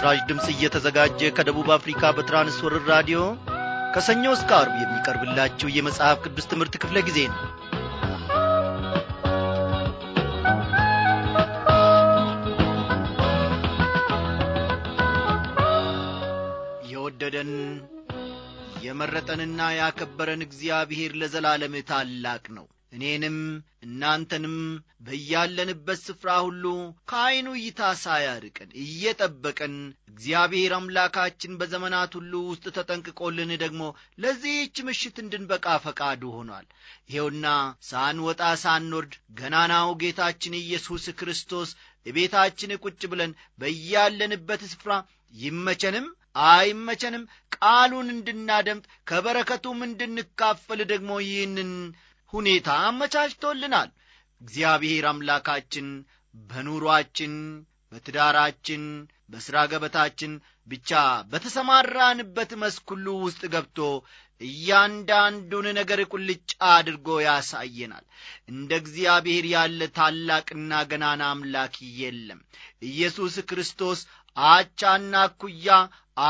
ለምሥራች ድምፅ እየተዘጋጀ ከደቡብ አፍሪካ በትራንስወርር ራዲዮ ከሰኞ እስከ አርብ የሚቀርብላችሁ የመጽሐፍ ቅዱስ ትምህርት ክፍለ ጊዜ ነው። የወደደን የመረጠንና ያከበረን እግዚአብሔር ለዘላለም ታላቅ ነው። እኔንም እናንተንም በያለንበት ስፍራ ሁሉ ከዐይኑ እይታ ሳያርቅን እየጠበቀን እግዚአብሔር አምላካችን በዘመናት ሁሉ ውስጥ ተጠንቅቆልን ደግሞ ለዚህች ምሽት እንድንበቃ ፈቃዱ ሆኗል። ይኸውና ሳንወጣ ሳንወርድ ገናናው ጌታችን ኢየሱስ ክርስቶስ እቤታችን ቁጭ ብለን በያለንበት ስፍራ ይመቸንም አይመቸንም ቃሉን እንድናደምጥ ከበረከቱም እንድንካፈል ደግሞ ይህንን ሁኔታ አመቻችቶልናል እግዚአብሔር አምላካችን በኑሯችን በትዳራችን በሥራ ገበታችን ብቻ በተሰማራንበት መስኩሉ ውስጥ ገብቶ እያንዳንዱን ነገር ቁልጭ አድርጎ ያሳየናል እንደ እግዚአብሔር ያለ ታላቅና ገናና አምላክ የለም ኢየሱስ ክርስቶስ አቻና እኩያ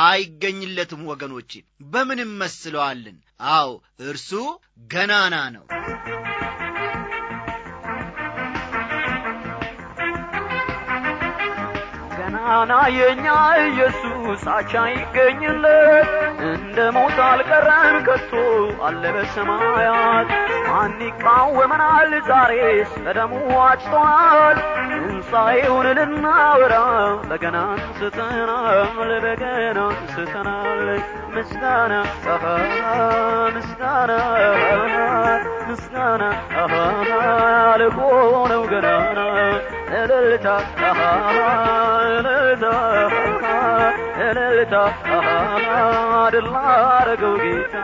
አይገኝለትም ወገኖቼ በምንም መስለዋልን አዎ እርሱ ገናና ነው ገናና የኛ ኢየሱስ አቻ ይገኝለት እንደ ሞት አልቀረም ከቶ አለ በሰማያት ማን ይቃወመናል ዛሬስ በደሙ አጭቶናል ሳይሆን ልናወራ በገና ስተናል በገና ስተናል ምስጋና ምስጋና ምስጋና ልሆነው ገናና እልልታ እልልታ እልልታ ድል አረገው ጌታ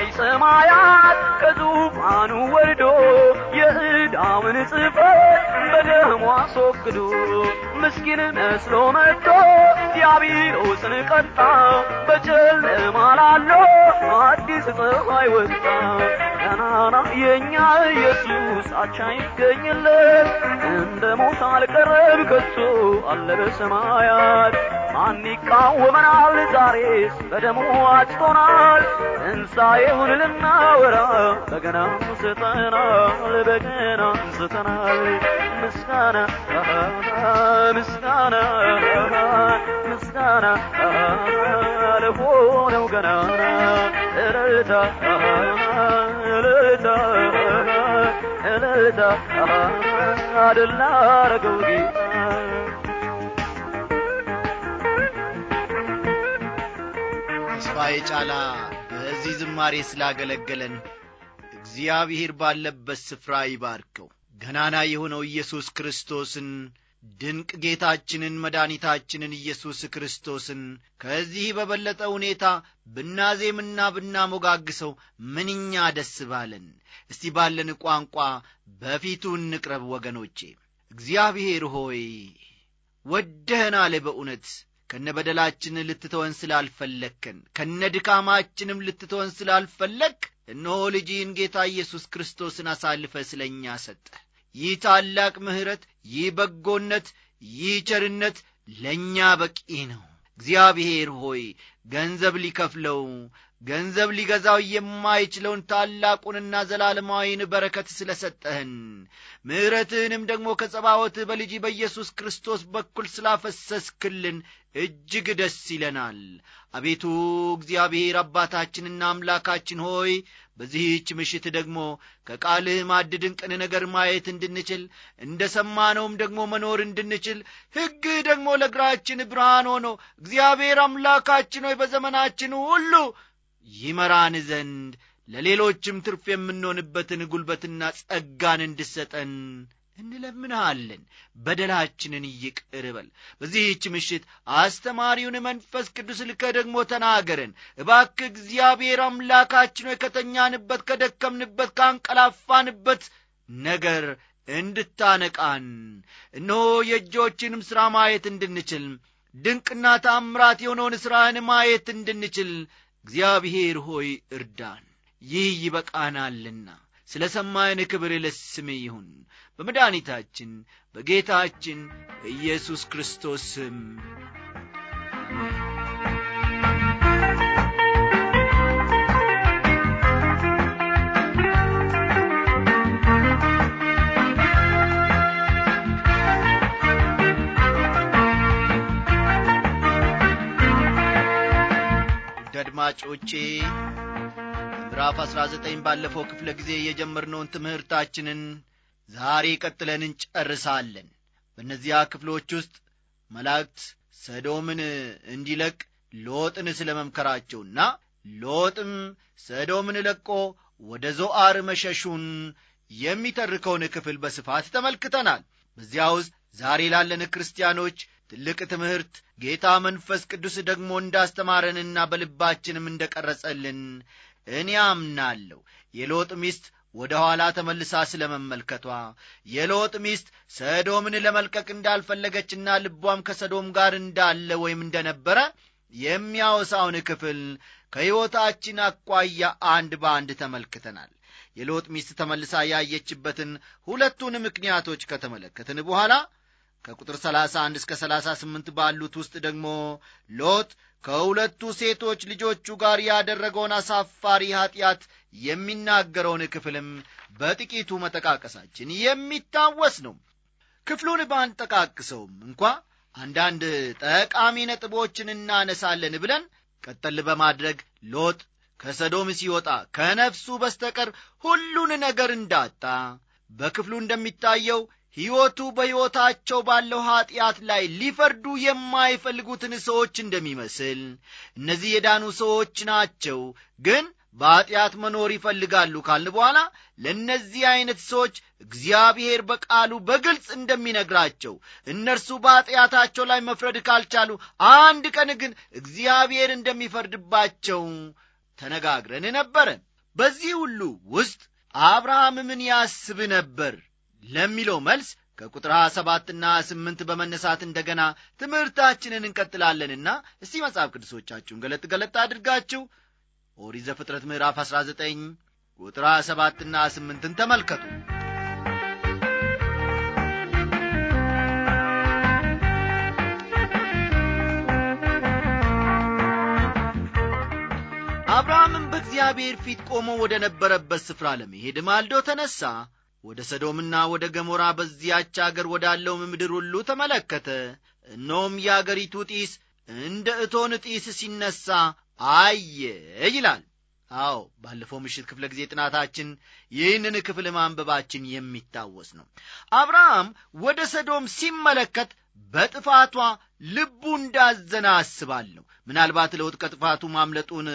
ሰማይ ሰማያት ከዙፋኑ ወርዶ የዕዳውን ጽሕፈት በደሙ አስወግዶ ምስኪን መስሎ መጥቶ ዲያብሎስን ቀጣ። በጨለማ ላለው አዲስ ፀሐይ ወጣ። ገናና የእኛ ኢየሱስ አቻ ይገኝለት እንደ ሞት አልቀረብ ከቶ አለ በሰማያት ማን ይቃወመናል? ዛሬስ በደሙ አጭቶናል። ትንሣኤውን ልናወራ በገና አንስተናል፣ በገና አንስተናል። ምስጋና ምስጋና ምስጋና ለሆነው ገናና እልልታ እልልታ እልልታ ድል ላረገው ጌታ ተስፋዬ ጫላ በዚህ ዝማሬ ስላገለገለን እግዚአብሔር ባለበት ስፍራ ይባርከው። ገናና የሆነው ኢየሱስ ክርስቶስን ድንቅ ጌታችንን መድኃኒታችንን ኢየሱስ ክርስቶስን ከዚህ በበለጠ ሁኔታ ብናዜምና ብናሞጋግሰው ምንኛ ደስ ባለን። እስቲ ባለን ቋንቋ በፊቱ እንቅረብ ወገኖቼ። እግዚአብሔር ሆይ አለ በእውነት ከነበደላችን ልትተወን ስላልፈለግከን ከነ ድካማችንም ልትተወን ስላልፈለግ እነሆ ልጅህን ጌታ ኢየሱስ ክርስቶስን አሳልፈ ስለ እኛ ሰጠህ። ይህ ታላቅ ምሕረት፣ ይህ በጎነት፣ ይህ ቸርነት ለእኛ በቂ ነው። እግዚአብሔር ሆይ ገንዘብ ሊከፍለው ገንዘብ ሊገዛው የማይችለውን ታላቁንና ዘላለማዊን በረከት ስለ ሰጠህን ምሕረትህንም ደግሞ ከጸባወትህ በልጅ በኢየሱስ ክርስቶስ በኩል ስላፈሰስክልን እጅግ ደስ ይለናል። አቤቱ እግዚአብሔር አባታችንና አምላካችን ሆይ በዚህች ምሽት ደግሞ ከቃልህ ማዕድ ድንቅን ነገር ማየት እንድንችል እንደ ሰማነውም ደግሞ መኖር እንድንችል ሕግህ ደግሞ ለእግራችን ብርሃን ሆኖ እግዚአብሔር አምላካችን ሆይ በዘመናችን ሁሉ ይመራን ዘንድ ለሌሎችም ትርፍ የምንሆንበትን ጉልበትና ጸጋን እንድሰጠን እንለምንሃለን በደላችንን ይቅር በል በዚህች ምሽት አስተማሪውን መንፈስ ቅዱስ ልከ ደግሞ ተናገረን እባክ እግዚአብሔር አምላካችን ሆይ ከተኛንበት ከደከምንበት ካንቀላፋንበት ነገር እንድታነቃን እነሆ የእጆችንም ሥራ ማየት እንድንችል ድንቅና ታምራት የሆነውን ሥራህን ማየት እንድንችል እግዚአብሔር ሆይ እርዳን ይህ ይበቃናልና ስለ ሰማይን ክብር ለስም ይሁን በመድኃኒታችን በጌታችን በኢየሱስ ክርስቶስ ስም አድማጮቼ ምዕራፍ 19 ባለፈው ክፍለ ጊዜ የጀመርነውን ትምህርታችንን ዛሬ ቀጥለን እንጨርሳለን በእነዚያ ክፍሎች ውስጥ መላእክት ሰዶምን እንዲለቅ ሎጥን ስለ መምከራቸውና ሎጥም ሰዶምን ለቆ ወደ ዞአር መሸሹን የሚተርከውን ክፍል በስፋት ተመልክተናል በዚያ ውስጥ ዛሬ ላለን ክርስቲያኖች ትልቅ ትምህርት ጌታ መንፈስ ቅዱስ ደግሞ እንዳስተማረንና በልባችንም እንደቀረጸልን እኔ አምናለሁ የሎጥ ሚስት ወደ ኋላ ተመልሳ ስለ መመልከቷ የሎጥ ሚስት ሰዶምን ለመልቀቅ እንዳልፈለገችና ልቧም ከሰዶም ጋር እንዳለ ወይም እንደነበረ የሚያወሳውን ክፍል ከሕይወታችን አኳያ አንድ በአንድ ተመልክተናል። የሎጥ ሚስት ተመልሳ ያየችበትን ሁለቱን ምክንያቶች ከተመለከትን በኋላ ከቁጥር 31 እስከ 38 ባሉት ውስጥ ደግሞ ሎጥ ከሁለቱ ሴቶች ልጆቹ ጋር ያደረገውን አሳፋሪ ኀጢአት የሚናገረውን ክፍልም በጥቂቱ መጠቃቀሳችን የሚታወስ ነው። ክፍሉን ባንጠቃቅሰውም እንኳ አንዳንድ ጠቃሚ ነጥቦችን እናነሳለን ብለን ቀጠል በማድረግ ሎጥ ከሰዶም ሲወጣ ከነፍሱ በስተቀር ሁሉን ነገር እንዳጣ በክፍሉ እንደሚታየው ሕይወቱ በሕይወታቸው ባለው ኀጢአት ላይ ሊፈርዱ የማይፈልጉትን ሰዎች እንደሚመስል እነዚህ የዳኑ ሰዎች ናቸው ግን በኀጢአት መኖር ይፈልጋሉ ካልን በኋላ ለእነዚህ ዐይነት ሰዎች እግዚአብሔር በቃሉ በግልጽ እንደሚነግራቸው እነርሱ በኀጢአታቸው ላይ መፍረድ ካልቻሉ አንድ ቀን ግን እግዚአብሔር እንደሚፈርድባቸው ተነጋግረን ነበረ። በዚህ ሁሉ ውስጥ አብርሃም ምን ያስብ ነበር? ለሚለው መልስ ከቁጥር 27 እና 8 በመነሳት እንደገና ትምህርታችንን እንቀጥላለንና እስቲ መጽሐፍ ቅዱሶቻችሁን ገለጥ ገለጥ አድርጋችሁ ኦሪት ዘፍጥረት ምዕራፍ 19 ቁጥር 27 እና 8 ን ተመልከቱ። አብርሃምም በእግዚአብሔር ፊት ቆሞ ወደ ነበረበት ስፍራ ለመሄድ ማልዶ ተነሣ። ወደ ሰዶምና ወደ ገሞራ በዚያች አገር ወዳለውም ምድር ሁሉ ተመለከተ እኖም የአገሪቱ ጢስ እንደ እቶን ጢስ ሲነሣ አየ ይላል አዎ ባለፈው ምሽት ክፍለ ጊዜ ጥናታችን ይህንን ክፍል ማንበባችን የሚታወስ ነው አብርሃም ወደ ሰዶም ሲመለከት በጥፋቷ ልቡ እንዳዘና አስባለሁ ምናልባት ለውጥ ከጥፋቱ ማምለጡን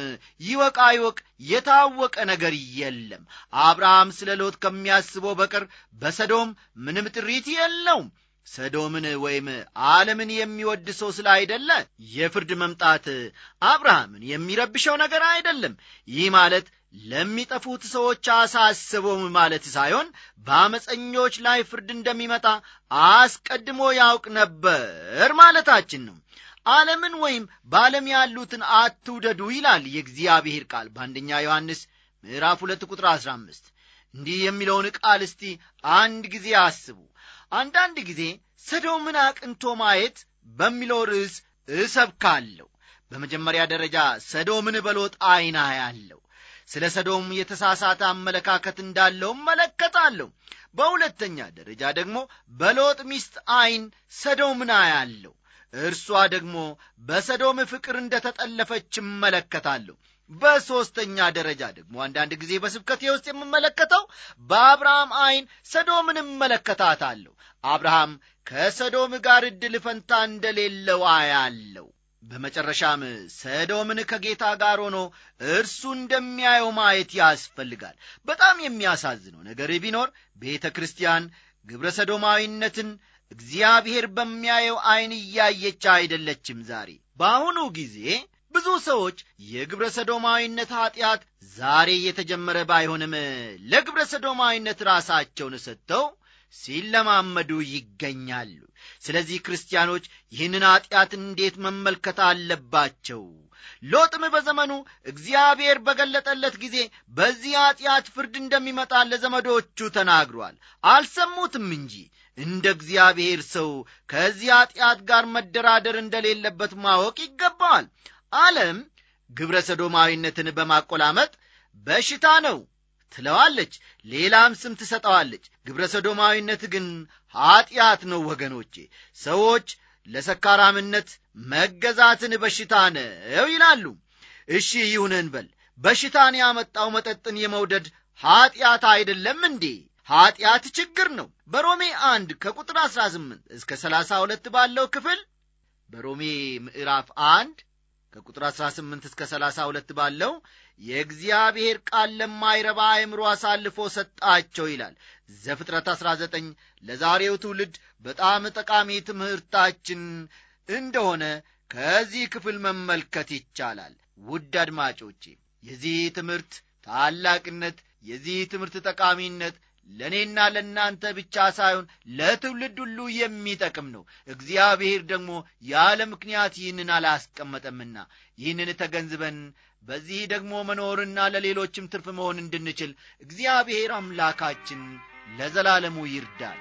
ይወቃ ይወቅ የታወቀ ነገር የለም አብርሃም ስለ ለውጥ ከሚያስበው በቀር በሰዶም ምንም ጥሪት የለውም ሰዶምን ወይም ዓለምን የሚወድ ሰው ስለ አይደለ የፍርድ መምጣት አብርሃምን የሚረብሸው ነገር አይደለም። ይህ ማለት ለሚጠፉት ሰዎች አሳስበውም ማለት ሳይሆን በአመፀኞች ላይ ፍርድ እንደሚመጣ አስቀድሞ ያውቅ ነበር ማለታችን ነው። ዓለምን ወይም በዓለም ያሉትን አትውደዱ ይላል የእግዚአብሔር ቃል በአንደኛ ዮሐንስ ምዕራፍ ሁለት ቁጥር አሥራ አምስት እንዲህ የሚለውን ቃል እስቲ አንድ ጊዜ አስቡ። አንዳንድ ጊዜ ሰዶምን አቅንቶ ማየት በሚለው ርዕስ እሰብካለሁ። በመጀመሪያ ደረጃ ሰዶምን በሎጥ ዐይን ያለው ስለ ሰዶም የተሳሳተ አመለካከት እንዳለው መለከታለሁ በሁለተኛ ደረጃ ደግሞ በሎጥ ሚስት ዐይን ሰዶምን አያለሁ። እርሷ ደግሞ በሰዶም ፍቅር እንደ ተጠለፈች እመለከታለሁ። በሦስተኛ ደረጃ ደግሞ አንዳንድ ጊዜ በስብከቴ ውስጥ የምመለከተው በአብርሃም ዐይን ሰዶምን እመለከታታለሁ። አብርሃም ከሰዶም ጋር እድል ፈንታ እንደሌለው አያለው። በመጨረሻም ሰዶምን ከጌታ ጋር ሆኖ እርሱ እንደሚያየው ማየት ያስፈልጋል። በጣም የሚያሳዝነው ነገር ቢኖር ቤተ ክርስቲያን ግብረ ሰዶማዊነትን እግዚአብሔር በሚያየው ዐይን እያየች አይደለችም። ዛሬ በአሁኑ ጊዜ ብዙ ሰዎች የግብረ ሰዶማዊነት ኀጢአት ዛሬ እየተጀመረ ባይሆንም ለግብረ ሰዶማዊነት ራሳቸውን ሰጥተው ሲለማመዱ ይገኛሉ። ስለዚህ ክርስቲያኖች ይህንን ኀጢአት እንዴት መመልከት አለባቸው? ሎጥም በዘመኑ እግዚአብሔር በገለጠለት ጊዜ በዚህ ኀጢአት ፍርድ እንደሚመጣ ለዘመዶቹ ተናግሯል። አልሰሙትም እንጂ እንደ እግዚአብሔር ሰው ከዚህ ኀጢአት ጋር መደራደር እንደሌለበት ማወቅ ይገባዋል። ዓለም ግብረ ሰዶማዊነትን በማቆላመጥ በሽታ ነው ትለዋለች፣ ሌላም ስም ትሰጠዋለች። ግብረ ሰዶማዊነት ግን ኀጢአት ነው ወገኖቼ። ሰዎች ለሰካራምነት መገዛትን በሽታ ነው ይላሉ። እሺ ይሁን እንበል። በሽታን ያመጣው መጠጥን የመውደድ ኀጢአት አይደለም እንዴ? ኀጢአት ችግር ነው። በሮሜ አንድ ከቁጥር 18 እስከ 32 ባለው ክፍል በሮሜ ምዕራፍ አንድ ከቁጥር 18 እስከ 32 ባለው የእግዚአብሔር ቃል ለማይረባ አእምሮ አሳልፎ ሰጣቸው ይላል። ዘፍጥረት 19 ለዛሬው ትውልድ በጣም ጠቃሚ ትምህርታችን እንደሆነ ከዚህ ክፍል መመልከት ይቻላል። ውድ አድማጮቼ የዚህ ትምህርት ታላቅነት የዚህ ትምህርት ጠቃሚነት ለእኔና ለእናንተ ብቻ ሳይሆን ለትውልድ ሁሉ የሚጠቅም ነው። እግዚአብሔር ደግሞ ያለ ምክንያት ይህንን አላስቀመጠምና ይህንን ተገንዝበን በዚህ ደግሞ መኖርና ለሌሎችም ትርፍ መሆን እንድንችል እግዚአብሔር አምላካችን ለዘላለሙ ይርዳል።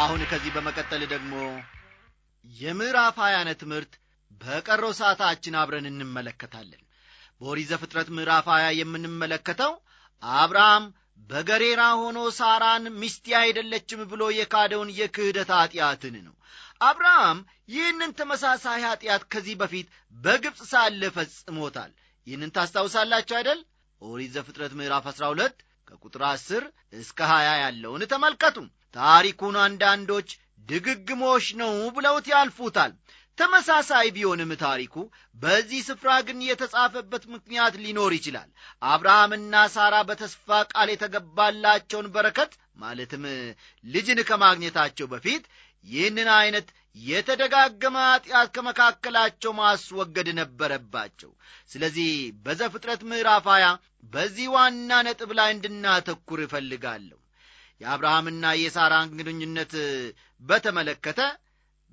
አሁን ከዚህ በመቀጠል ደግሞ የምዕራፍ ሀያነ ትምህርት በቀረው ሰዓታችን አብረን እንመለከታለን። በኦሪት ዘፍጥረት ምዕራፍ ሀያ የምንመለከተው አብርሃም በገሬራ ሆኖ ሳራን ሚስቲ አይደለችም ብሎ የካደውን የክህደት ኀጢአትን ነው። አብርሃም ይህንን ተመሳሳይ ኀጢአት ከዚህ በፊት በግብፅ ሳለ ፈጽሞታል። ይህንን ታስታውሳላችሁ አይደል? ኦሪት ዘፍጥረት ምዕራፍ 12 ከቁጥር 10 እስከ 20 ያለውን ተመልከቱም ታሪኩን አንዳንዶች ድግግሞሽ ነው ብለውት ያልፉታል። ተመሳሳይ ቢሆንም ታሪኩ በዚህ ስፍራ ግን የተጻፈበት ምክንያት ሊኖር ይችላል። አብርሃምና ሳራ በተስፋ ቃል የተገባላቸውን በረከት ማለትም ልጅን ከማግኘታቸው በፊት ይህንን አይነት የተደጋገመ ኀጢአት ከመካከላቸው ማስወገድ ነበረባቸው። ስለዚህ በዘፍጥረት ምዕራፍ 20 በዚህ ዋና ነጥብ ላይ እንድናተኩር እፈልጋለሁ። የአብርሃምና የሳራን ግንኙነት በተመለከተ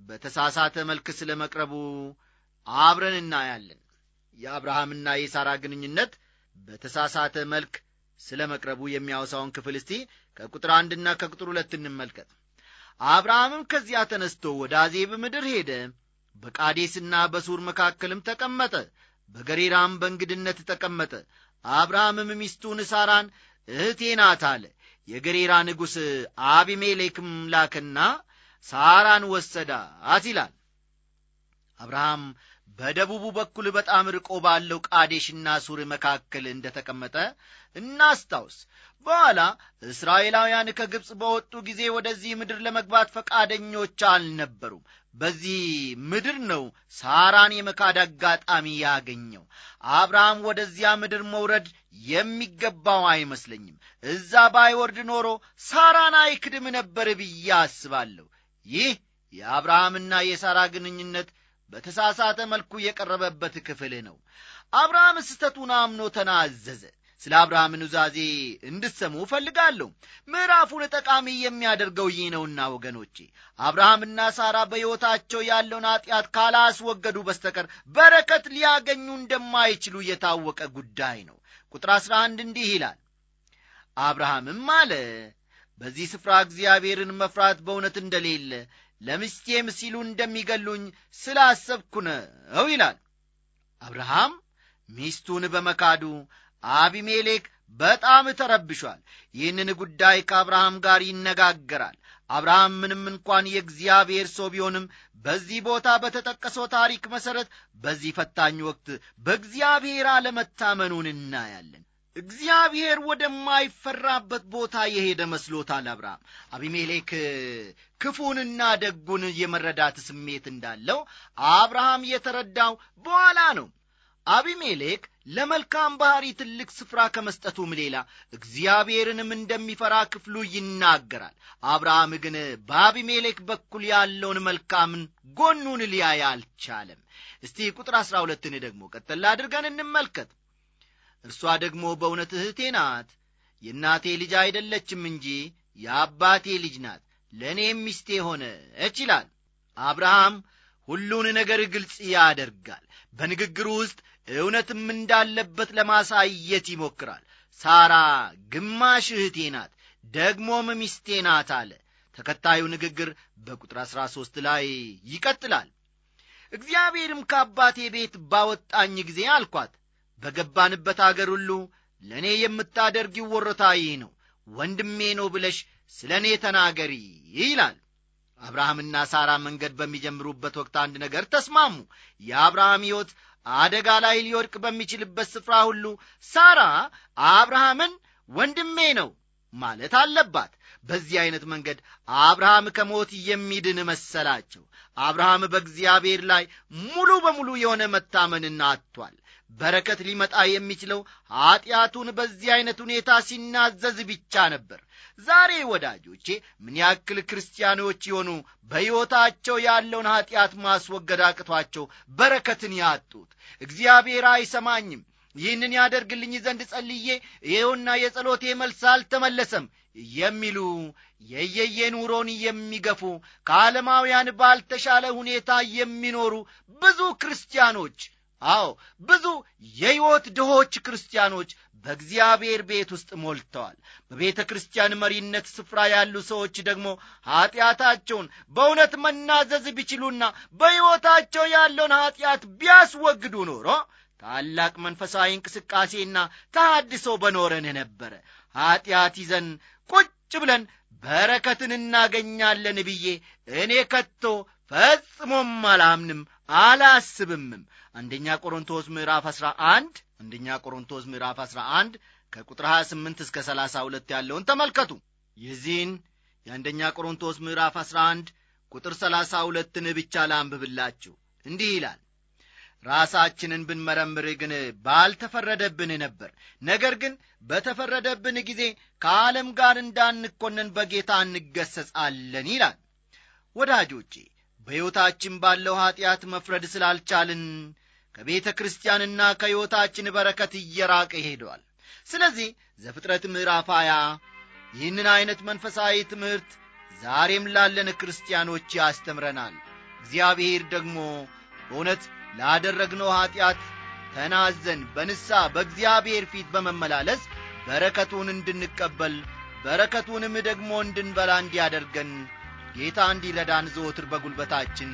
በተሳሳተ መልክ ስለ መቅረቡ አብረን እናያለን። የአብርሃምና የሳራ ግንኙነት በተሳሳተ መልክ ስለ መቅረቡ የሚያወሳውን ክፍል እስቲ ከቁጥር አንድና ከቁጥር ሁለት እንመልከት። አብርሃምም ከዚያ ተነስቶ ወደ አዜብ ምድር ሄደ፣ በቃዴስና በሱር መካከልም ተቀመጠ፣ በገሬራም በእንግድነት ተቀመጠ። አብርሃምም ሚስቱን ሳራን እህቴ ናት አለ። የገሬራ ንጉሥ አቢሜሌክም ላከና ሳራን ወሰዳት ይላል። አብርሃም በደቡቡ በኩል በጣም ርቆ ባለው ቃዴሽና ሱር መካከል እንደ ተቀመጠ እናስታውስ። በኋላ እስራኤላውያን ከግብፅ በወጡ ጊዜ ወደዚህ ምድር ለመግባት ፈቃደኞች አልነበሩም። በዚህ ምድር ነው ሳራን የመካድ አጋጣሚ ያገኘው። አብርሃም ወደዚያ ምድር መውረድ የሚገባው አይመስለኝም። እዛ ባይወርድ ኖሮ ሳራን አይክድም ነበር ብዬ አስባለሁ። ይህ የአብርሃምና የሳራ ግንኙነት በተሳሳተ መልኩ የቀረበበት ክፍል ነው። አብርሃም ስህተቱን አምኖ ተናዘዘ። ስለ አብርሃም ኑዛዜ እንድሰሙ እፈልጋለሁ። ምዕራፉን ጠቃሚ የሚያደርገው ይህ ነውና ወገኖቼ፣ አብርሃምና ሳራ በሕይወታቸው ያለውን ኀጢአት ካላስወገዱ በስተቀር በረከት ሊያገኙ እንደማይችሉ የታወቀ ጉዳይ ነው። ቁጥር 11 እንዲህ ይላል፣ አብርሃምም አለ በዚህ ስፍራ እግዚአብሔርን መፍራት በእውነት እንደሌለ ለምስቴም ሲሉ እንደሚገሉኝ ስላሰብኩ ነው ይላል። አብርሃም ሚስቱን በመካዱ አቢሜሌክ በጣም ተረብሿል። ይህንን ጉዳይ ከአብርሃም ጋር ይነጋገራል። አብርሃም ምንም እንኳን የእግዚአብሔር ሰው ቢሆንም በዚህ ቦታ በተጠቀሰው ታሪክ መሠረት በዚህ ፈታኝ ወቅት በእግዚአብሔር አለመታመኑን እናያለን። እግዚአብሔር ወደማይፈራበት ቦታ የሄደ መስሎታል አብርሃም። አቢሜሌክ ክፉንና ደጉን የመረዳት ስሜት እንዳለው አብርሃም የተረዳው በኋላ ነው። አቢሜሌክ ለመልካም ባሕሪ ትልቅ ስፍራ ከመስጠቱም ሌላ እግዚአብሔርንም እንደሚፈራ ክፍሉ ይናገራል። አብርሃም ግን በአቢሜሌክ በኩል ያለውን መልካምን ጎኑን ሊያይ አልቻለም። እስቲ ቁጥር አሥራ ሁለትን ደግሞ ቀጠላ አድርገን እንመልከት። እርሷ ደግሞ በእውነት እህቴ ናት፣ የእናቴ ልጅ አይደለችም እንጂ የአባቴ ልጅ ናት፣ ለእኔም ሚስቴ ሆነች ይላል። አብርሃም ሁሉን ነገር ግልጽ ያደርጋል። በንግግሩ ውስጥ እውነትም እንዳለበት ለማሳየት ይሞክራል። ሳራ ግማሽ እህቴ ናት፣ ደግሞም ሚስቴ ናት አለ። ተከታዩ ንግግር በቁጥር አሥራ ሦስት ላይ ይቀጥላል። እግዚአብሔርም ከአባቴ ቤት ባወጣኝ ጊዜ አልኳት፣ በገባንበት አገር ሁሉ ለእኔ የምታደርጊው ወረታ ይህ ነው፣ ወንድሜ ነው ብለሽ ስለ እኔ ተናገሪ ይላል። አብርሃምና ሳራ መንገድ በሚጀምሩበት ወቅት አንድ ነገር ተስማሙ። የአብርሃም ሕይወት አደጋ ላይ ሊወድቅ በሚችልበት ስፍራ ሁሉ ሳራ አብርሃምን ወንድሜ ነው ማለት አለባት። በዚህ አይነት መንገድ አብርሃም ከሞት የሚድን መሰላቸው። አብርሃም በእግዚአብሔር ላይ ሙሉ በሙሉ የሆነ መታመንና አጥቷል። በረከት ሊመጣ የሚችለው ኀጢአቱን በዚህ አይነት ሁኔታ ሲናዘዝ ብቻ ነበር። ዛሬ ወዳጆቼ ምን ያክል ክርስቲያኖች የሆኑ በሕይወታቸው ያለውን ኀጢአት ማስወገድ አቅቷቸው በረከትን ያጡት እግዚአብሔር አይሰማኝም ይህንን ያደርግልኝ ዘንድ ጸልዬ ይኸውና የጸሎቴ መልስ አልተመለሰም የሚሉ የየየ ኑሮን የሚገፉ ከዓለማውያን ባልተሻለ ሁኔታ የሚኖሩ ብዙ ክርስቲያኖች አዎ ብዙ የሕይወት ድሆች ክርስቲያኖች በእግዚአብሔር ቤት ውስጥ ሞልተዋል። በቤተ ክርስቲያን መሪነት ስፍራ ያሉ ሰዎች ደግሞ ኀጢአታቸውን በእውነት መናዘዝ ቢችሉና በሕይወታቸው ያለውን ኀጢአት ቢያስወግዱ ኖሮ ታላቅ መንፈሳዊ እንቅስቃሴና ተሃድሶ በኖረን ነበረ። ኀጢአት ይዘን ቁጭ ብለን በረከትን እናገኛለን ብዬ እኔ ከቶ ፈጽሞም አላምንም አላስብምም። አንደኛ ቆሮንቶስ ምዕራፍ 11 አንደኛ ቆሮንቶስ ምዕራፍ 11 ከቁጥር 28 እስከ 32 ያለውን ተመልከቱ የዚህን የአንደኛ ቆሮንቶስ ምዕራፍ 11 ቁጥር 32ን ብቻ ላንብብላችሁ እንዲህ ይላል ራሳችንን ብንመረምር ግን ባልተፈረደብን ነበር ነገር ግን በተፈረደብን ጊዜ ከዓለም ጋር እንዳንኮንን በጌታ እንገሰጻለን ይላል ወዳጆቼ በሕይወታችን ባለው ኀጢአት መፍረድ ስላልቻልን ከቤተ ክርስቲያንና ከሕይወታችን በረከት እየራቀ ይሄደዋል። ስለዚህ ዘፍጥረት ምዕራፍ ሃያ ይህንን ዐይነት መንፈሳዊ ትምህርት ዛሬም ላለን ክርስቲያኖች ያስተምረናል። እግዚአብሔር ደግሞ በእውነት ላደረግነው ኀጢአት ተናዘን በንሳ በእግዚአብሔር ፊት በመመላለስ በረከቱን እንድንቀበል በረከቱንም ደግሞ እንድንበላ እንዲያደርገን ጌታ እንዲረዳን ዘወትር በጒልበታችን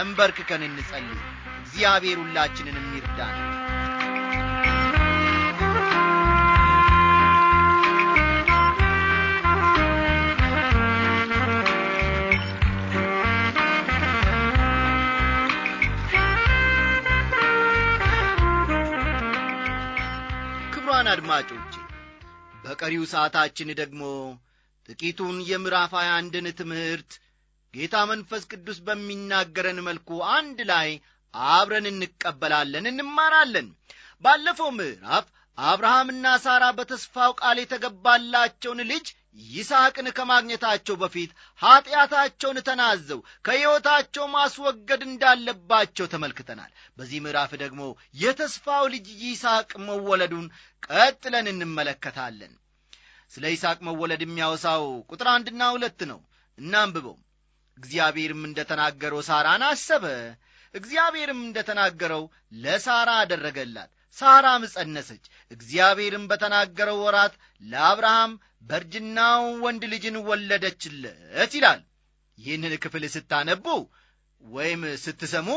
እንበርክከን እንጸልይ። እግዚአብሔር ሁላችንንም ይርዳን ክብሯን አድማጮቼ በቀሪው ሰዓታችን ደግሞ ጥቂቱን የምዕራፍ ሀያ አንድን ትምህርት ጌታ መንፈስ ቅዱስ በሚናገረን መልኩ አንድ ላይ አብረን እንቀበላለን፣ እንማራለን። ባለፈው ምዕራፍ አብርሃምና ሳራ በተስፋው ቃል የተገባላቸውን ልጅ ይስሐቅን ከማግኘታቸው በፊት ኀጢአታቸውን ተናዘው ከሕይወታቸው ማስወገድ እንዳለባቸው ተመልክተናል። በዚህ ምዕራፍ ደግሞ የተስፋው ልጅ ይስሐቅ መወለዱን ቀጥለን እንመለከታለን። ስለ ይስሐቅ መወለድ የሚያወሳው ቁጥር አንድና ሁለት ነው። እናንብበው። እግዚአብሔርም እንደ ተናገረው ሳራን አሰበ እግዚአብሔርም እንደተናገረው ለሳራ አደረገላት። ሳራም ጸነሰች። እግዚአብሔርም በተናገረው ወራት ለአብርሃም በርጅናው ወንድ ልጅን ወለደችለት ይላል። ይህንን ክፍል ስታነቡ ወይም ስትሰሙ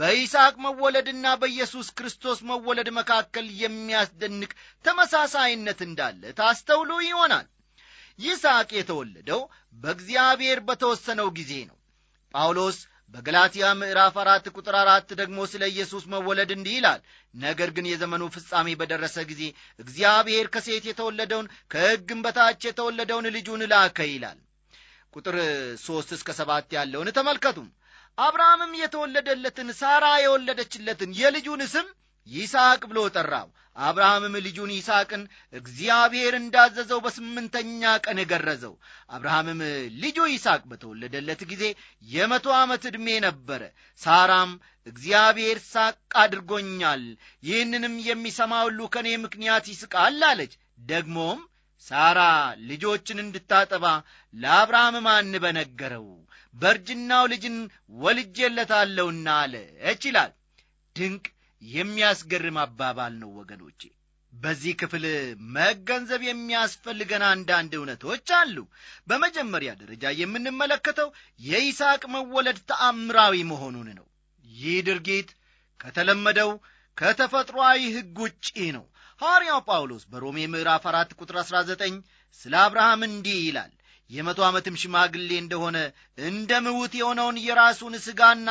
በይስሐቅ መወለድና በኢየሱስ ክርስቶስ መወለድ መካከል የሚያስደንቅ ተመሳሳይነት እንዳለ ታስተውሉ ይሆናል። ይስሐቅ የተወለደው በእግዚአብሔር በተወሰነው ጊዜ ነው። ጳውሎስ በገላትያ ምዕራፍ አራት ቁጥር አራት ደግሞ ስለ ኢየሱስ መወለድ እንዲህ ይላል፣ ነገር ግን የዘመኑ ፍጻሜ በደረሰ ጊዜ እግዚአብሔር ከሴት የተወለደውን ከሕግም በታች የተወለደውን ልጁን ላከ ይላል። ቁጥር ሦስት እስከ ሰባት ያለውን ተመልከቱም። አብርሃምም የተወለደለትን ሳራ የወለደችለትን የልጁን ስም ይስሐቅ ብሎ ጠራው። አብርሃምም ልጁን ይስሐቅን እግዚአብሔር እንዳዘዘው በስምንተኛ ቀን ገረዘው። አብርሃምም ልጁ ይስሐቅ በተወለደለት ጊዜ የመቶ ዓመት ዕድሜ ነበረ። ሳራም እግዚአብሔር ሳቅ አድርጎኛል፣ ይህንንም የሚሰማ ሁሉ ከእኔ ምክንያት ይስቃል አለች። ደግሞም ሳራ ልጆችን እንድታጠባ ለአብርሃም ማን በነገረው? በርጅናው ልጅን ወልጄለታለሁና አለች ይላል። ድንቅ የሚያስገርም አባባል ነው ወገኖቼ። በዚህ ክፍል መገንዘብ የሚያስፈልገን አንዳንድ እውነቶች አሉ። በመጀመሪያ ደረጃ የምንመለከተው የይስቅ መወለድ ተአምራዊ መሆኑን ነው። ይህ ድርጊት ከተለመደው ከተፈጥሮአዊ ሕግ ውጪ ነው። ሐዋርያው ጳውሎስ በሮሜ ምዕራፍ 4 ቁጥር 19 ስለ አብርሃም እንዲህ ይላል የመቶ ዓመትም ሽማግሌ እንደሆነ እንደ ምውት የሆነውን የራሱን ሥጋና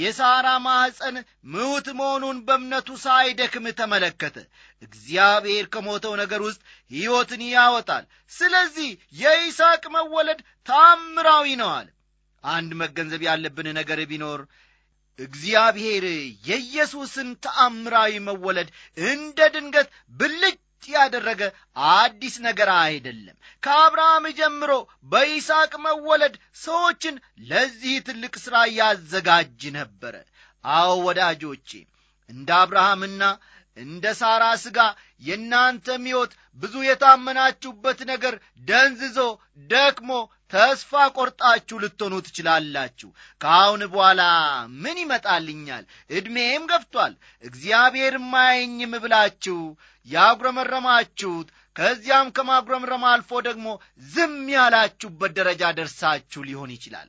የሳራ ማኅፀን ምውት መሆኑን በእምነቱ ሳይደክም ተመለከተ። እግዚአብሔር ከሞተው ነገር ውስጥ ሕይወትን ያወጣል። ስለዚህ የይስሐቅ መወለድ ታምራዊ ነው አለ። አንድ መገንዘብ ያለብን ነገር ቢኖር እግዚአብሔር የኢየሱስን ተአምራዊ መወለድ እንደ ድንገት ብልጭ ያደረገ አዲስ ነገር አይደለም። ከአብርሃም ጀምሮ በይስቅ መወለድ ሰዎችን ለዚህ ትልቅ ሥራ ያዘጋጅ ነበረ። አዎ ወዳጆቼ፣ እንደ አብርሃምና እንደ ሳራ ሥጋ የእናንተም ሕይወት ብዙ የታመናችሁበት ነገር ደንዝዞ ደክሞ ተስፋ ቆርጣችሁ ልትሆኑ ትችላላችሁ። ከአሁን በኋላ ምን ይመጣልኛል? ዕድሜም ገፍቷል፣ እግዚአብሔር ማየኝም ብላችሁ ያጉረመረማችሁት ከዚያም ከማጉረምረም አልፎ ደግሞ ዝም ያላችሁበት ደረጃ ደርሳችሁ ሊሆን ይችላል።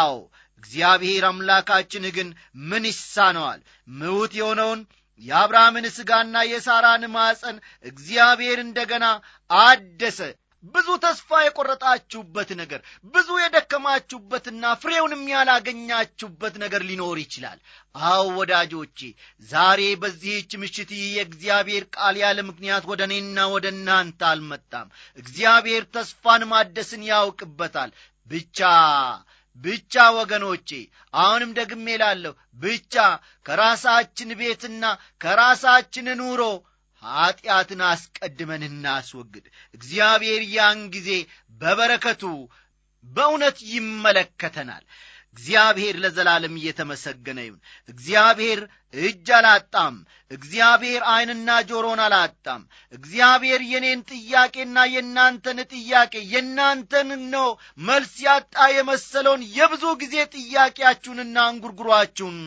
አዎ እግዚአብሔር አምላካችን ግን ምን ይሳነዋል? ምውት የሆነውን የአብርሃምን ሥጋና የሳራን ማፀን እግዚአብሔር እንደገና አደሰ። ብዙ ተስፋ የቆረጣችሁበት ነገር ብዙ የደከማችሁበትና ፍሬውንም ያላገኛችሁበት ነገር ሊኖር ይችላል አው ወዳጆቼ ዛሬ በዚህች ምሽት ይህ የእግዚአብሔር ቃል ያለ ምክንያት ወደ እኔና ወደ እናንተ አልመጣም እግዚአብሔር ተስፋን ማደስን ያውቅበታል ብቻ ብቻ ወገኖቼ አሁንም ደግሜ ላለሁ ብቻ ከራሳችን ቤትና ከራሳችን ኑሮ ኀጢአትን አስቀድመን እናስወግድ። እግዚአብሔር ያን ጊዜ በበረከቱ በእውነት ይመለከተናል። እግዚአብሔር ለዘላለም እየተመሰገነ ይሁን። እግዚአብሔር እጅ አላጣም። እግዚአብሔር ዐይንና ጆሮን አላጣም። እግዚአብሔር የኔን ጥያቄና የእናንተን ጥያቄ የእናንተን ነው መልስ ያጣ የመሰለውን የብዙ ጊዜ ጥያቄያችሁንና እንጉርጉሯችሁን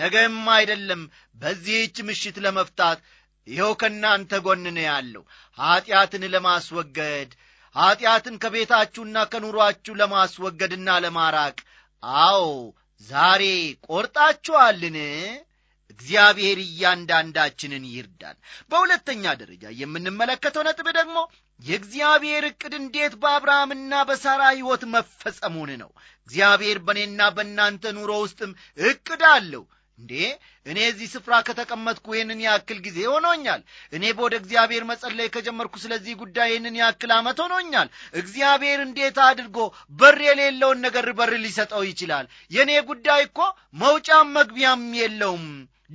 ነገም አይደለም በዚህች ምሽት ለመፍታት ይኸው ከእናንተ ጎንን ያለው ኀጢአትን ለማስወገድ ኀጢአትን ከቤታችሁና ከኑሮአችሁ ለማስወገድና ለማራቅ አዎ ዛሬ ቈርጣችኋልን እግዚአብሔር እያንዳንዳችንን ይርዳል። በሁለተኛ ደረጃ የምንመለከተው ነጥብ ደግሞ የእግዚአብሔር ዕቅድ እንዴት በአብርሃምና በሳራ ሕይወት መፈጸሙን ነው። እግዚአብሔር በእኔና በእናንተ ኑሮ ውስጥም ዕቅድ አለው። እንዴ እኔ እዚህ ስፍራ ከተቀመጥኩ ይህንን ያክል ጊዜ ሆኖኛል። እኔ በወደ እግዚአብሔር መጸለይ ከጀመርኩ ስለዚህ ጉዳይ ይህንን ያክል ዓመት ሆኖኛል። እግዚአብሔር እንዴት አድርጎ በር የሌለውን ነገር በር ሊሰጠው ይችላል? የእኔ ጉዳይ እኮ መውጫም መግቢያም የለውም፣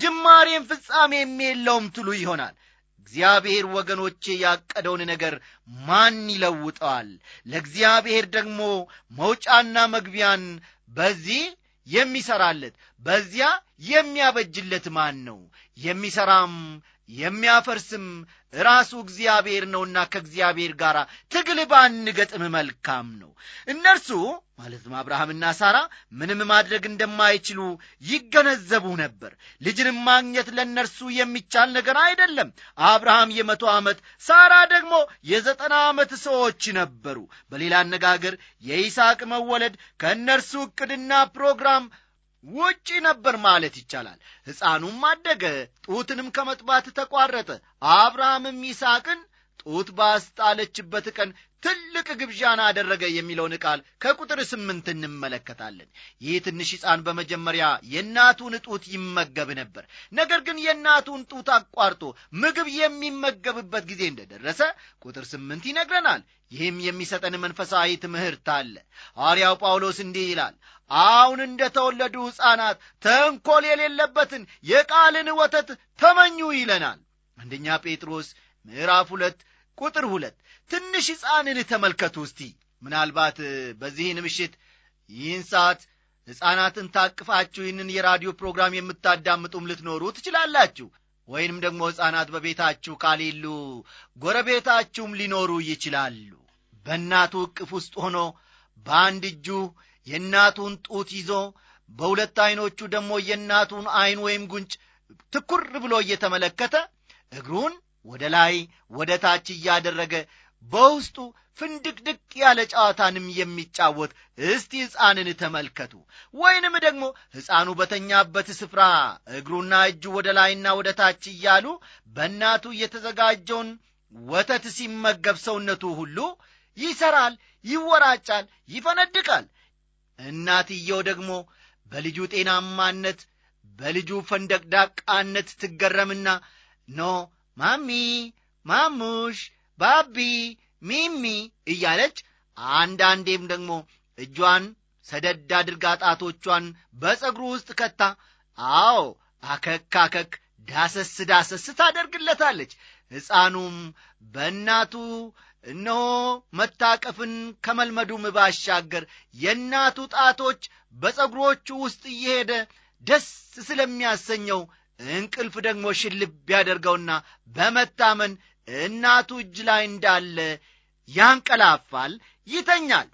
ጅማሬም ፍጻሜም የለውም ትሉ ይሆናል። እግዚአብሔር ወገኖቼ ያቀደውን ነገር ማን ይለውጠዋል? ለእግዚአብሔር ደግሞ መውጫና መግቢያን በዚህ የሚሰራለት በዚያ የሚያበጅለት ማን ነው? የሚሠራም የሚያፈርስም ራሱ እግዚአብሔር ነውና ከእግዚአብሔር ጋር ትግል ባንገጥም መልካም ነው። እነርሱ ማለትም አብርሃምና ሳራ ምንም ማድረግ እንደማይችሉ ይገነዘቡ ነበር። ልጅንም ማግኘት ለእነርሱ የሚቻል ነገር አይደለም። አብርሃም የመቶ ዓመት ሳራ ደግሞ የዘጠና ዓመት ሰዎች ነበሩ። በሌላ አነጋገር የይስሐቅ መወለድ ከእነርሱ ዕቅድና ፕሮግራም ውጪ ነበር ማለት ይቻላል። ሕፃኑም አደገ፣ ጡትንም ከመጥባት ተቋረጠ። አብርሃምም ይስሐቅን ጡት ባስጣለችበት ቀን ትልቅ ግብዣን አደረገ የሚለውን ቃል ከቁጥር ስምንት እንመለከታለን። ይህ ትንሽ ሕፃን በመጀመሪያ የእናቱን ጡት ይመገብ ነበር። ነገር ግን የእናቱን ጡት አቋርጦ ምግብ የሚመገብበት ጊዜ እንደደረሰ ቁጥር ስምንት ይነግረናል። ይህም የሚሰጠን መንፈሳዊ ትምህርት አለ። ሐዋርያው ጳውሎስ እንዲህ ይላል፣ አሁን እንደ ተወለዱ ሕፃናት ተንኰል የሌለበትን የቃልን ወተት ተመኙ ይለናል። አንደኛ ጴጥሮስ ምዕራፍ ሁለት ቁጥር ሁለት ትንሽ ሕፃንን ተመልከቱ እስቲ ምናልባት በዚህን ምሽት ይህን ሰዓት ሕፃናትን ታቅፋችሁ ይህንን የራዲዮ ፕሮግራም የምታዳምጡም ልትኖሩ ትችላላችሁ ወይንም ደግሞ ሕፃናት በቤታችሁ ካሌሉ ጎረቤታችሁም ሊኖሩ ይችላሉ በእናቱ ዕቅፍ ውስጥ ሆኖ በአንድ እጁ የእናቱን ጡት ይዞ በሁለት ዐይኖቹ ደግሞ የእናቱን ዐይን ወይም ጉንጭ ትኩር ብሎ እየተመለከተ እግሩን ወደ ላይ ወደ ታች እያደረገ በውስጡ ፍንድቅድቅ ያለ ጨዋታንም የሚጫወት እስቲ ሕፃንን ተመልከቱ። ወይንም ደግሞ ሕፃኑ በተኛበት ስፍራ እግሩና እጁ ወደ ላይና ወደ ታች እያሉ በእናቱ የተዘጋጀውን ወተት ሲመገብ ሰውነቱ ሁሉ ይሰራል፣ ይወራጫል፣ ይፈነድቃል። እናትየው ደግሞ በልጁ ጤናማነት በልጁ ፈንደቅዳቃነት ትገረምና ኖ ማሚ ማሙሽ ባቢ ሚሚ እያለች አንዳንዴም ደግሞ እጇን ሰደድ አድርጋ ጣቶቿን በጸጉሩ ውስጥ ከታ አዎ አከክ አከክ ዳሰስ ዳሰስ ታደርግለታለች። ሕፃኑም በእናቱ እነሆ መታቀፍን ከመልመዱም ባሻገር የእናቱ ጣቶች በጸጉሮቹ ውስጥ እየሄደ ደስ ስለሚያሰኘው እንቅልፍ ደግሞ ሽልብ ያደርገውና በመታመን እናቱ እጅ ላይ እንዳለ ያንቀላፋል፣ ይተኛል።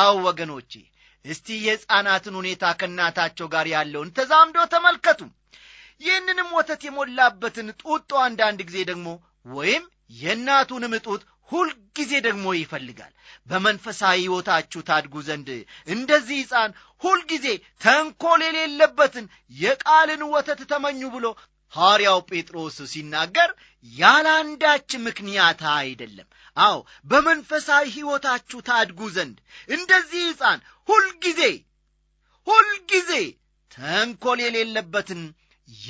አው ወገኖቼ፣ እስቲ የሕፃናትን ሁኔታ ከእናታቸው ጋር ያለውን ተዛምዶ ተመልከቱ። ይህንንም ወተት የሞላበትን ጡጦ አንዳንድ ጊዜ ደግሞ ወይም የእናቱንም ጡት ሁልጊዜ ደግሞ ይፈልጋል። በመንፈሳዊ ሕይወታችሁ ታድጉ ዘንድ እንደዚህ ሕፃን ሁልጊዜ ተንኮል የሌለበትን የቃልን ወተት ተመኙ ብሎ ሐዋርያው ጴጥሮስ ሲናገር ያለ አንዳች ምክንያት አይደለም። አዎ በመንፈሳዊ ሕይወታችሁ ታድጉ ዘንድ እንደዚህ ሕፃን ሁልጊዜ ሁልጊዜ ተንኰል የሌለበትን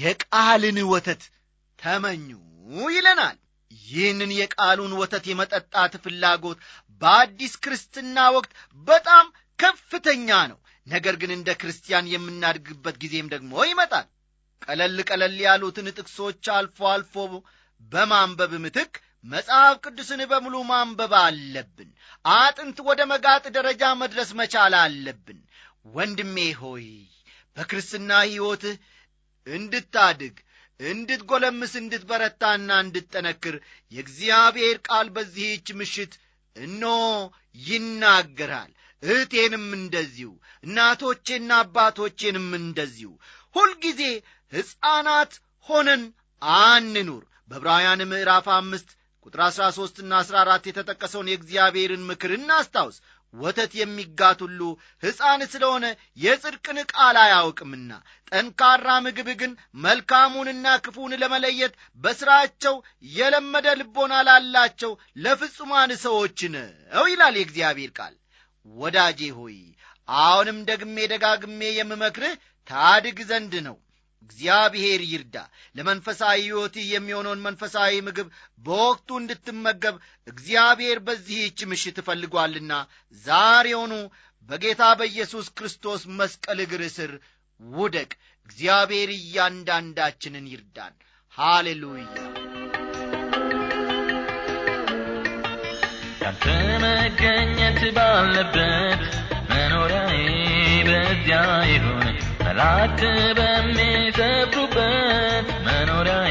የቃልን ወተት ተመኙ ይለናል። ይህንን የቃሉን ወተት የመጠጣት ፍላጎት በአዲስ ክርስትና ወቅት በጣም ከፍተኛ ነው። ነገር ግን እንደ ክርስቲያን የምናድግበት ጊዜም ደግሞ ይመጣል። ቀለል ቀለል ያሉትን ጥቅሶች አልፎ አልፎ በማንበብ ምትክ መጽሐፍ ቅዱስን በሙሉ ማንበብ አለብን። አጥንት ወደ መጋጥ ደረጃ መድረስ መቻል አለብን። ወንድሜ ሆይ በክርስትና ሕይወትህ እንድታድግ እንድትጎለምስ፣ እንድትበረታና እንድትጠነክር የእግዚአብሔር ቃል በዚህች ምሽት እኖ ይናገራል። እህቴንም እንደዚሁ እናቶቼና አባቶቼንም እንደዚሁ ሁልጊዜ ሕፃናት ሆነን አንኑር። በዕብራውያን ምዕራፍ አምስት ቁጥር አሥራ ሦስትና አሥራ አራት የተጠቀሰውን የእግዚአብሔርን ምክር እናስታውስ። ወተት የሚጋት ሁሉ ሕፃን ስለሆነ የጽድቅን ቃል አያውቅምና፣ ጠንካራ ምግብ ግን መልካሙንና ክፉን ለመለየት በሥራቸው የለመደ ልቦና ላላቸው ለፍጹማን ሰዎች ነው ይላል የእግዚአብሔር ቃል። ወዳጄ ሆይ አሁንም ደግሜ ደጋግሜ የምመክርህ ታድግ ዘንድ ነው። እግዚአብሔር ይርዳ። ለመንፈሳዊ ሕይወትህ የሚሆነውን መንፈሳዊ ምግብ በወቅቱ እንድትመገብ እግዚአብሔር በዚህች ምሽት እፈልጓልና ዛሬውኑ በጌታ በኢየሱስ ክርስቶስ መስቀል እግር ስር ውደቅ። እግዚአብሔር እያንዳንዳችንን ይርዳን። ሃሌሉያ። ያንተ መገኘት ባለበት መኖሪያዬ በዚያ ይሁን መላክ የሚሰፍሩበት መኖሪያ